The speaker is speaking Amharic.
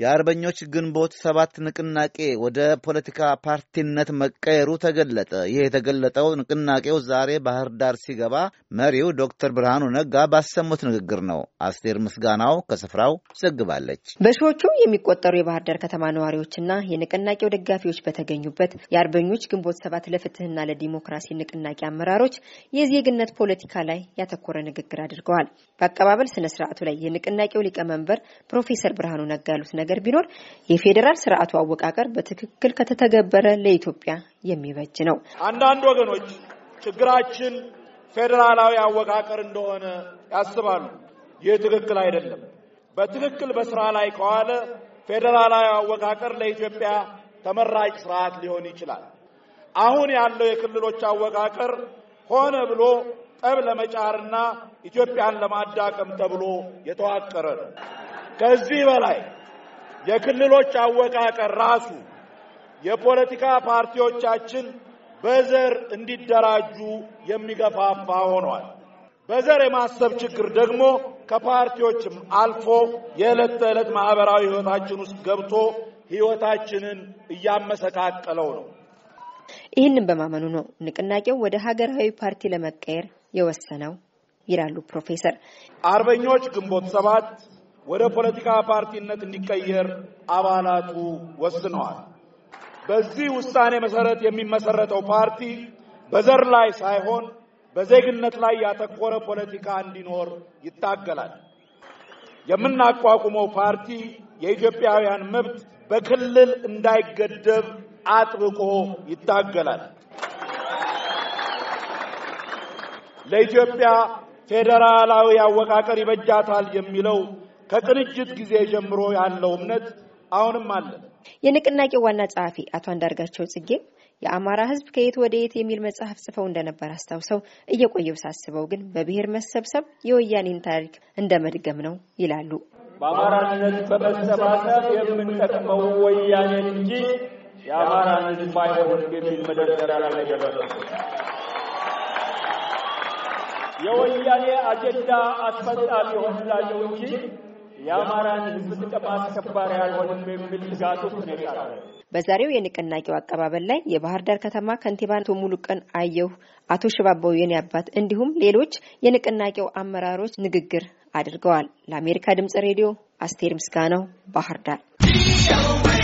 የአርበኞች ግንቦት ሰባት ንቅናቄ ወደ ፖለቲካ ፓርቲነት መቀየሩ ተገለጠ። ይህ የተገለጠው ንቅናቄው ዛሬ ባህር ዳር ሲገባ መሪው ዶክተር ብርሃኑ ነጋ ባሰሙት ንግግር ነው። አስቴር ምስጋናው ከስፍራው ዘግባለች። በሺዎቹ የሚቆጠሩ የባህር ዳር ከተማ ነዋሪዎችና የንቅናቄው ደጋፊዎች በተገኙበት የአርበኞች ግንቦት ሰባት ለፍትህና ለዲሞክራሲ ንቅናቄ አመራሮች የዜግነት ፖለቲካ ላይ ያተኮረ ንግግር አድርገዋል። በአቀባበል ስነ ላይ የንቅናቄው ሊቀመንበር ፕሮፌሰር ብርሃኑ ነጋ ያሉት ነገር ነገር ቢኖር የፌዴራል ስርዓቱ አወቃቀር በትክክል ከተተገበረ ለኢትዮጵያ የሚበጅ ነው። አንዳንድ ወገኖች ችግራችን ፌዴራላዊ አወቃቀር እንደሆነ ያስባሉ። ይህ ትክክል አይደለም። በትክክል በስራ ላይ ከዋለ ፌዴራላዊ አወቃቀር ለኢትዮጵያ ተመራጭ ስርዓት ሊሆን ይችላል። አሁን ያለው የክልሎች አወቃቀር ሆነ ብሎ ጠብ ለመጫርና ኢትዮጵያን ለማዳቀም ተብሎ የተዋቀረ ነው። ከዚህ በላይ የክልሎች አወቃቀር ራሱ የፖለቲካ ፓርቲዎቻችን በዘር እንዲደራጁ የሚገፋፋ ሆኗል። በዘር የማሰብ ችግር ደግሞ ከፓርቲዎችም አልፎ የዕለት ተዕለት ማኅበራዊ ሕይወታችን ውስጥ ገብቶ ሕይወታችንን እያመሰቃቀለው ነው። ይህንን በማመኑ ነው ንቅናቄው ወደ ሀገራዊ ፓርቲ ለመቀየር የወሰነው ይላሉ ፕሮፌሰር። አርበኞች ግንቦት ሰባት ወደ ፖለቲካ ፓርቲነት እንዲቀየር አባላቱ ወስነዋል። በዚህ ውሳኔ መሰረት የሚመሰረተው ፓርቲ በዘር ላይ ሳይሆን በዜግነት ላይ ያተኮረ ፖለቲካ እንዲኖር ይታገላል። የምናቋቁመው ፓርቲ የኢትዮጵያውያን መብት በክልል እንዳይገደብ አጥብቆ ይታገላል። ለኢትዮጵያ ፌዴራላዊ አወቃቀር ይበጃታል የሚለው ከቅንጅት ጊዜ ጀምሮ ያለው እምነት አሁንም አለ። የንቅናቄው ዋና ጸሐፊ አቶ አንዳርጋቸው ጽጌም የአማራ ሕዝብ ከየት ወደ የት የሚል መጽሐፍ ጽፈው እንደነበር አስታውሰው እየቆየው ሳስበው ግን በብሔር መሰብሰብ የወያኔን ታሪክ እንደ መድገም ነው ይላሉ። በአማራነት በመሰባሰብ የምንጠቅመው ወያኔን እንጂ የአማራን ሕዝብ የሚል መደርደሪያ ላይ ደረሱ። የወያኔ አጀንዳ አስፈጻሚ ሆንላለው እንጂ የአማራን ህዝብ ጥቅም አስከባሪ አልሆንም የሚል ስጋት ውስጥ ነው የቀረ። በዛሬው የንቅናቄው አቀባበል ላይ የባህር ዳር ከተማ ከንቲባን አቶ ሙሉቀን አየሁ፣ አቶ ሽባባው የኔ አባት እንዲሁም ሌሎች የንቅናቄው አመራሮች ንግግር አድርገዋል። ለአሜሪካ ድምጽ ሬዲዮ አስቴር ምስጋናው ባህር ዳር